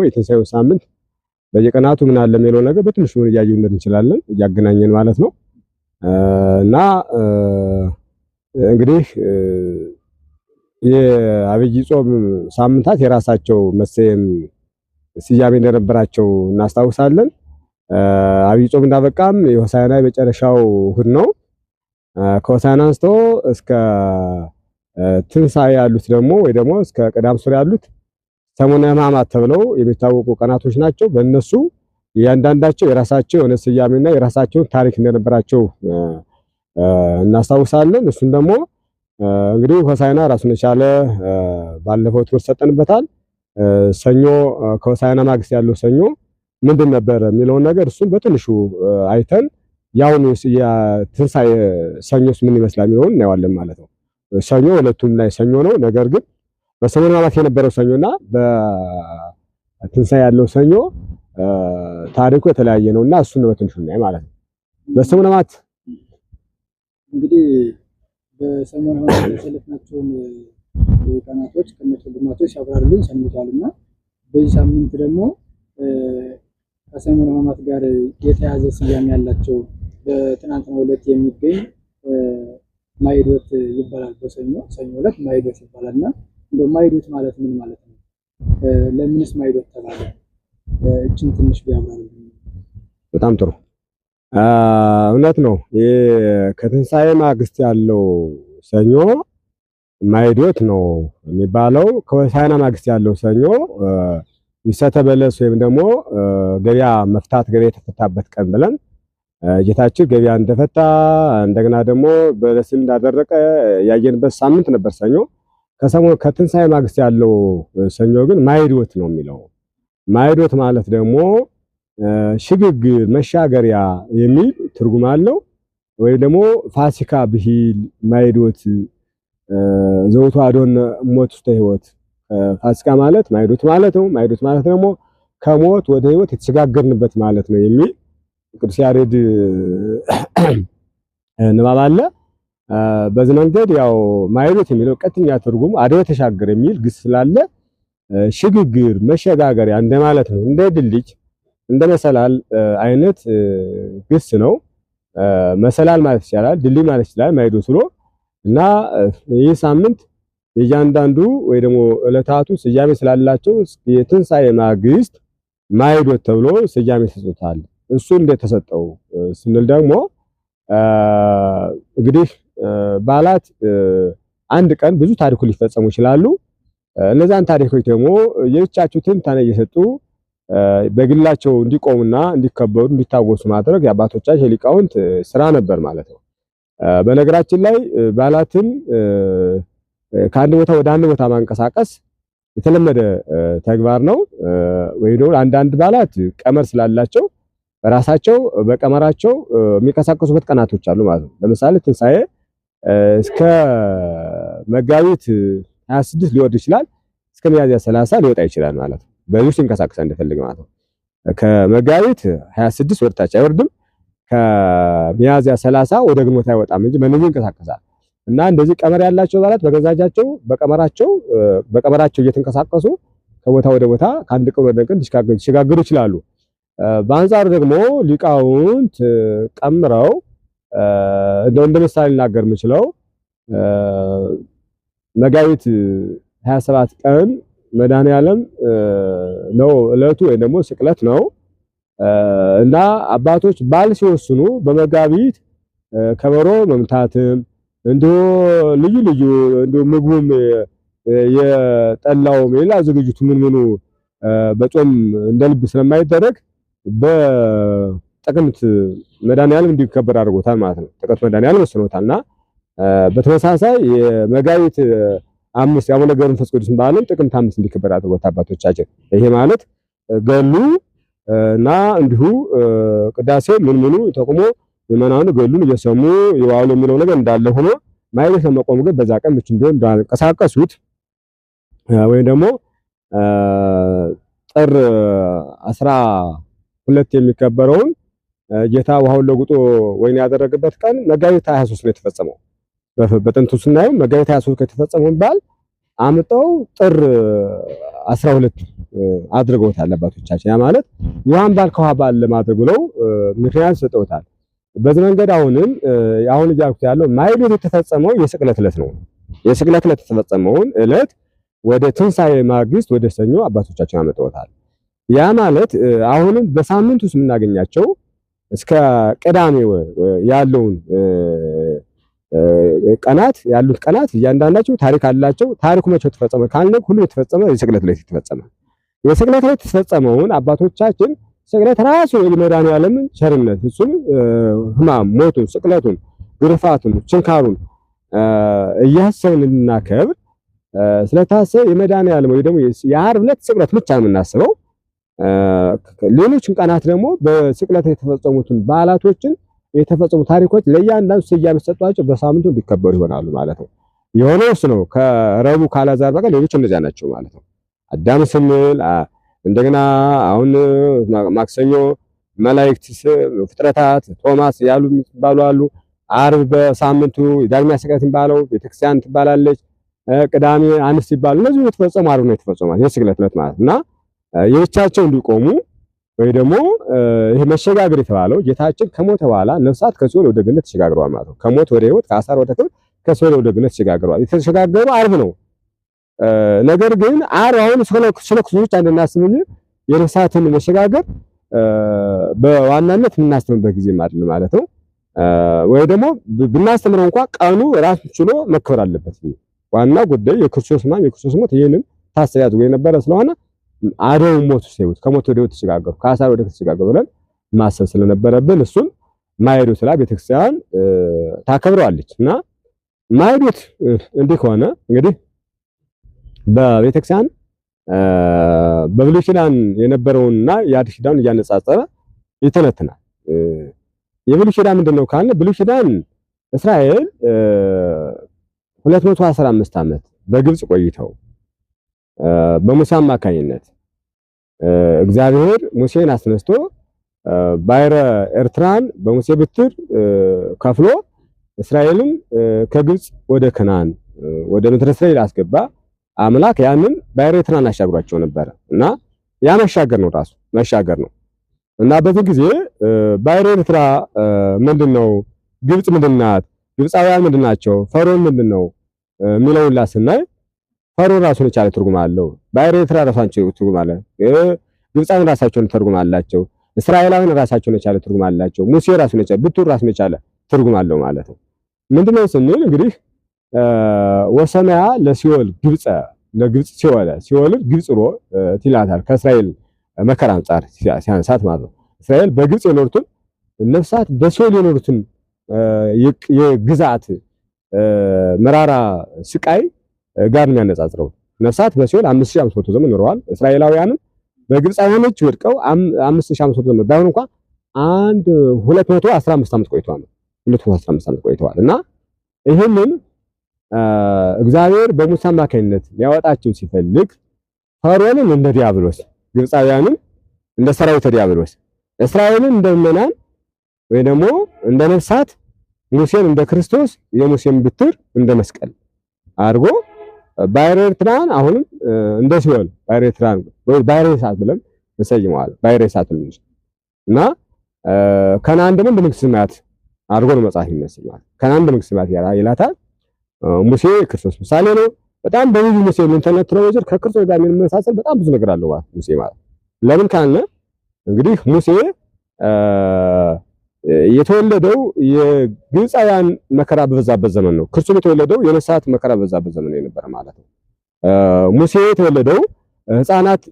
ደግሞ የትንሣኤው ሳምንት በየቀናቱ ምን አለ የሚለው ነገር በትንሹ ምን እያየነት እንችላለን እያገናኘን ማለት ነው። እና እንግዲህ የአብይ ጾም ሳምንታት የራሳቸው መሰየም ስያሜ እንደነበራቸው እናስታውሳለን። አብይ ጾም እንዳበቃም የሆሳዕና የመጨረሻው እሑድ ነው። ከሆሳዕና አንስቶ እስከ ትንሣኤ ያሉት ደግሞ ወይ ደግሞ እስከ ቀዳም ሱር ያሉት ሰሙነ ሕማማት ተብለው የሚታወቁ ቀናቶች ናቸው። በእነሱ እያንዳንዳቸው የራሳቸው የሆነ ስያሜና የራሳቸውን ታሪክ እንደነበራቸው እናስታውሳለን። እሱን ደግሞ እንግዲህ ሆሳዕና ራሱን የቻለ ባለፈው ትምህርት ሰጠንበታል። ሰኞ ከሆሳዕና ማግስት ያለው ሰኞ ምንድን ነበረ የሚለውን ነገር እሱ በትንሹ አይተን ያሁኑ የትንሳኤ ሰኞስ ምን ይመስላል የሚለውን እናየዋለን ማለት ነው። ሰኞ ሁለቱም ላይ ሰኞ ነው፣ ነገር ግን በሰሙነ ሕማማት የነበረው ሰኞና በትንሳኤ ያለው ሰኞ ታሪኩ የተለያየ ነውና እሱን ነው በትንሹ ላይ ማለት ነው። በሰሙነ ሕማማት እንግዲህ በሰሙነ ሕማማት የተሰለፍናቸውን ቀናቶች ከነትርጉማቸው ሲያብራሩልን ሰምቷልና በዚህ ሳምንት ደግሞ ከሰሙነ ሕማማት ጋር የተያዘ ስያሜ ያላቸው በትናንትናው ዕለት የሚገኝ ማይዶት ይባላል። በሰኞ ሰኞ ዕለት ማይዶት ይባላልና እንደው ማይዶት ማለት ምን ማለት ነው? ለምንስ ማይዶት ተባለ? እችን ትንሽ ቢያብራሩ። በጣም ጥሩ እውነት ነው። ከትንሳኤ ማግስት ያለው ሰኞ ማይዶት ነው የሚባለው። ከሆሳዕና ማግስት ያለው ሰኞ ይሰተ በለስ ወይም ደግሞ ገበያ መፍታት ገበያ የተፈታበት ቀን ብለን ጌታችን ገበያ እንደፈታ እንደገና ደግሞ በለስን እንዳደረቀ ያየንበት ሳምንት ነበር ሰኞ ከሰሞኑ ከትንሣኤ ማግስት ያለው ሰኞ ግን ማይዶት ነው የሚለው። ማይዶት ማለት ደግሞ ሽግግር፣ መሻገሪያ የሚል ትርጉም አለው። ወይ ደግሞ ፋሲካ ብሂል ማይዶት ዘውቱ አዶን ሞት ውስተ ህይወት ፋሲካ ማለት ማይዶት ማለት ነው። ማይዶት ማለት ደግሞ ከሞት ወደ ህይወት የተሸጋገርንበት ማለት ነው የሚል ቅዱስ ያሬድ ንባብ አለ። በዚህ መንገድ ያው ማይሎት የሚለው ቀጥተኛ ትርጉም አድዋ ተሻገር የሚል ግስ ስላለ ሽግግር፣ መሸጋገሪያ እንደማለት ነው። እንደ ድልድይ እንደ መሰላል አይነት ግስ ነው። መሰላል ማለት ይቻላል፣ ድልድይ ማለት ይችላል። ማይዶ ስሎ እና ይህ ሳምንት የእያንዳንዱ ወይ ደግሞ ዕለታቱ ስያሜ ስላላቸው የትንሣኤ ማግስት ማይዶ ተብሎ ስያሜ ተሰጥቶታል። እሱ እንደተሰጠው ስንል ደግሞ እንግዲህ በዓላት አንድ ቀን ብዙ ታሪኮች ሊፈጸሙ ይችላሉ። እነዛን ታሪኮች ደግሞ የብቻቸው ትንታኔ እየሰጡ በግላቸው እንዲቆሙና እንዲከበሩ እንዲታወሱ ማድረግ የአባቶቻችን የሊቃውንት ስራ ነበር ማለት ነው። በነገራችን ላይ በዓላትን ከአንድ ቦታ ወደ አንድ ቦታ ማንቀሳቀስ የተለመደ ተግባር ነው። ወይ ደግሞ አንዳንድ በዓላት ቀመር ስላላቸው ራሳቸው በቀመራቸው የሚንቀሳቀሱበት ቀናቶች አሉ ማለት ነው። ለምሳሌ ትንሳኤ እስከ መጋቢት 26 ሊወርድ ይችላል። እስከ ሚያዝያ 30 ሊወጣ ይችላል ማለት ነው። በዚህ ሲንቀሳቀስ እንደፈልግ ማለት ነው። ከመጋቢት 26 ወርታች አይወርድም። ከሚያዝያ 30 ወደ ግንቦት አይወጣም እንጂ በነዚህ ይንቀሳቀሳል እና እንደዚህ ቀመር ያላቸው ባላት በገዛጃቸው በቀመራቸው በቀመራቸው እየተንቀሳቀሱ ከቦታ ወደ ቦታ ከአንድ ቀን ወደ ቀን ሊሸጋገሩ ይችላሉ። በአንጻሩ ደግሞ ሊቃውንት ቀምረው እንደው እንደ ምሳሌ ልናገር የምችለው መጋቢት 27 ቀን መድኃኔዓለም ነው እለቱ ወይ ደግሞ ስቅለት ነው እና አባቶች በዓል ሲወስኑ በመጋቢት ከበሮ መምታትም እንዲሁ ልዩ ልዩ እንዲሁ ምግቡም የጠላውም የሌላ ዝግጅቱ ምን ምኑ በጾም እንደልብ ስለማይደረግ በ ጥቅምት መድኃኒዓለም እንዲከበር አድርጎታል ማለት ነው። ጥቅምት መድኃኒዓለም ወስኖታል እና በተመሳሳይ የመጋቢት አምስት የአቡነ ገብረ መንፈስ ቅዱስ በዓልን ጥቅምት አምስት እንዲከበር አድርጎታል አባቶቻችን ይሄ ማለት ገሉ እና እንዲሁ ቅዳሴ ምን ምኑ ተቆሞ ምዕመናኑ ገሉን እየሰሙ ይዋሉ የሚለው ነገር እንዳለ ሆኖ ማይበት ለመቆሙ ግን በዛ ቀን ብቻ እንዲሆን እንዳንቀሳቀሱት ወይም ደግሞ ጥር አስራ ሁለት የሚከበረውን ጌታ ውሃውን ለጉጦ ወይን ያደረገበት ቀን መጋቢት 23 ነው የተፈጸመው። በጥንቱ ስናየው መጋቢት 23 ከተፈጸመው በዓል አምጠው ጥር 12 አድርገውታል አባቶቻችን። ያ ማለት የውሃን በዓል ከውሃ በዓል ለማድረግ ብለው ምክንያት ሰጠውታል። በዚህ መንገድ አሁንም አሁን እያልኩት ያለው ማይሌት የተፈጸመው የስቅለት ዕለት ነው። የስቅለት ዕለት የተፈጸመውን ዕለት ወደ ትንሣኤ ማግስት ወደ ሰኞ አባቶቻችን አመጣውታል። ያ ማለት አሁንም በሳምንት ውስጥ የምናገኛቸው እስከ ቅዳሜ ያለውን ቀናት ያሉት ቀናት እያንዳንዳቸው ታሪክ አላቸው። ታሪኩ መቼ ተፈጸመ ካልን ሁሉ የተፈጸመ የስቅለት ላይ የተፈጸመ የስቅለት ላይ የተፈጸመውን አባቶቻችን ስቅለት ራሱ የመድኃኒዓለምን ቸርነት እሱም ሕማም ሞቱን፣ ስቅለቱን፣ ግርፋቱን፣ ችንካሩን እያሰብን እናከብር ስለታሰብ የመድኃኒዓለም ወይ ደግሞ የዓርብ ዕለት ስቅለት ብቻ ነው የምናስበው። ሌሎችን ቀናት ደግሞ በስቅለት የተፈጸሙትን በዓላቶችን የተፈጸሙ ታሪኮች ለእያንዳንዱ ስያሜ ሰጧቸው በሳምንቱ እንዲከበሩ ይሆናሉ ማለት ነው። የሆነ እሱ ነው። ከረቡዕ ካላዛር በቀር ሌሎች እነዚያ ናቸው ማለት ነው። አዳም ስንል እንደገና አሁን ማክሰኞ መላእክት፣ ፍጥረታት፣ ቶማስ ያሉ የሚባሉ አሉ። አርብ በሳምንቱ ዳግሚያ ስቅለት የሚባለው ቤተክርስቲያን ትባላለች። ቅዳሜ አንስት ይባሉ እነዚህ የተፈጸሙ አርብ ነው የተፈጸሙ የስቅለት ዕለት ማለት እና የብቻቸው እንዲቆሙ ወይ ደግሞ ይሄ መሸጋገር የተባለው ጌታችን ከሞተ በኋላ ነፍሳት ከሲኦል ወደ ገነት ተሸጋግረዋል ማለት ነው። ከሞት ወደ ህይወት፣ ከአሳር ወደ ክብር፣ ከሲኦል ወደ ገነት ተሸጋግረዋል። የተሸጋገሩ ዓርብ ነው። ነገር ግን ዓርብ አሁን ስለ ክሱዎች አንድናስብ እንጂ የነፍሳትን መሸጋገር በዋናነት የምናስተምርበት ጊዜ አይደለም ማለት ነው። ወይ ደግሞ ብናስተምረው እንኳ ቀኑ ራሱ ችሎ መከበር አለበት። ዋና ጉዳይ የክርስቶስና የክርስቶስ ሞት ይህንን ታስቢ አድርጎ የነበረ ስለሆነ አደው ሞት ውስጥ ከሞት ወደ ህይወት ተሸጋገሩ ከአሳር ወደ ተሸጋገሩ ብለን ማሰብ ስለነበረብን እሱን ማይዶት ላይ ቤተክርስቲያን ታከብረዋለች እና ማይዶት እንዲህ ከሆነ እንግዲህ በቤተክርስቲያን በብሉይ ኪዳን የነበረውንና የአዲስ ኪዳኑን እያነጻጸረ ይተነትናል። የብሉይ ኪዳን ምንድን ካልን ብሉይ ኪዳን እስራኤል 215 ዓመት በግብጽ ቆይተው በሙሳ አማካኝነት እግዚአብሔር ሙሴን አስነስቶ ባይረ ኤርትራን በሙሴ ብትር ከፍሎ እስራኤልን ከግብፅ ወደ ከናን ወደ ምድረ እስራኤል አስገባ። አምላክ ያንን ባይረ ኤርትራን አሻግሯቸው ነበረ እና ያ መሻገር ነው፣ ራሱ መሻገር ነው እና በዚህ ጊዜ ባይረ ኤርትራ ምንድነው? ግብፅ ምንድናት? ግብፃውያን ምንድናቸው? ፈርዖን ምንድነው? የሚለውን ፈሮ ራሱን የቻለ ትርጉም አለው። ባሕረ ኤርትራ ራሳቸውን ትርጉም አለ። ግብፃውያን ራሳቸውን ትርጉም አላቸው። እስራኤላውያን ራሳቸውን የቻለ ትርጉም አላቸው። ሙሴ ራሱን የቻለ ብቱ ራሱን የቻለ ትርጉም አለው ማለት ነው። ምንድነው ስንል እንግዲህ ወሰማያ ለሲኦል ግብፀ ለግብፅ ሲወለ ሲወል ግብፅ ሮ ትላታል ከእስራኤል መከራ አንጻር ሲያንሳት ማለት ነው። እስራኤል በግብፅ የኖሩትን ነፍሳት በሲኦል የኖሩትን የግዛት መራራ ስቃይ ጋር ነው የሚያነጻጽረው። ነፍሳት በሲኦል 5500 ዘመን ኖረዋል። እስራኤላውያንም በግብፃውያኖች ወድቀው 5500 ዘመን ባይሆን እንኳን አንድ 215 ዓመት ቆይተዋል። 215 ዓመት ቆይተዋል እና ይህንን እግዚአብሔር በሙሳ አማካኝነት ሊያወጣቸው ሲፈልግ ፈርዖንን እንደ ዲያብሎስ፣ ግብፃውያንም እንደ ሰራዊተ ዲያብሎስ፣ እስራኤልን እንደ ምዕመናን ወይ ደግሞ እንደ ነፍሳት፣ ሙሴን እንደ ክርስቶስ፣ የሙሴን ብትር እንደ መስቀል አድርጎ ባሕረ ኤርትራን አሁንም እንደ ሲሆን ባሕረ ኤርትራን ወይ ባሕረ እሳት ብለን እንሰይመዋለን። ባሕረ እሳት ብለን እና ከነዓን ደግሞ እንደ መንግስተ ሰማያት አድርጎ ነው መጽሐፍ የሚመስል። ከነዓን እንደ መንግስተ ሰማያት ይላታል። ሙሴ ክርስቶስ ምሳሌ ነው። በጣም በብዙ ሙሴ ምን የምንተነትነው ወጀር ከክርስቶስ ጋር ምን መሳሰል በጣም ብዙ ነገር አለው ማለት ሙሴ ማለት ለምን ካልነ እንግዲህ ሙሴ የተወለደው የግብፃውያን መከራ በበዛበት ዘመን ነው። ክርስቶስ የተወለደው የነሳት መከራ በበዛበት ዘመን የነበረ ማለት ነው። ሙሴ የተወለደው ሕፃናት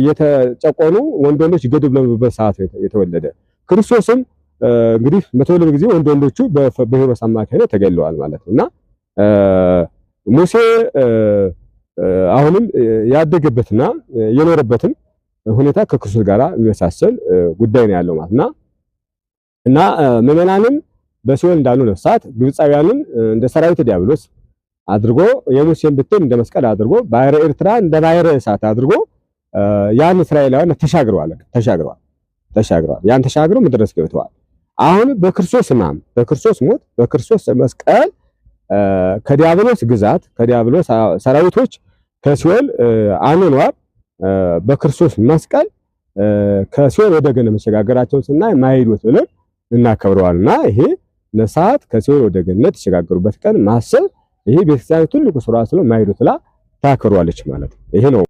እየተጨቆኑ ወንድ ወንዶች ገድብ ለመበበት ሰዓት የተወለደ ክርስቶስም እንግዲህ በተወለደ ጊዜ ወንድ ወንዶቹ በሄሮድስ አማካይነት ተገለዋል ማለት ነው እና ሙሴ አሁንም ያደገበትና የኖረበትም ሁኔታ ከክርስቶስ ጋር የሚመሳሰል ጉዳይ ነው ያለው ማለት ነው። እና ምዕመናንም በሲኦል እንዳሉ ነፍሳት ግብፃውያንን እንደ ሰራዊት ዲያብሎስ አድርጎ የሙሴን ብትል እንደ መስቀል አድርጎ ባህረ ኤርትራ እንደ ባህረ እሳት አድርጎ ያን እስራኤላውያን ተሻግረዋል ተሻግረዋል ተሻግረዋል ያን ተሻግረው ምድረ እስክ ገብተዋል። አሁን በክርስቶስ ሕማም በክርስቶስ ሞት በክርስቶስ መስቀል ከዲያብሎስ ግዛት ከዲያብሎስ ሰራዊቶች ከሲኦል አኗኗር በክርስቶስ መስቀል ከሲኦል ወደ ገነት መሸጋገራቸውን ስናይ ማይዶት ብለን እናከብረዋል እና ይሄ ነፍሳት ከሲኦል ወደ ገነት የተሸጋገሩበት ቀን ማሰብ ይሄ ቤተክርስቲያን ትልቁ ስርዓት ነው። ማይዶት ታከብረዋለች ማለት ነው። ይሄ ነው።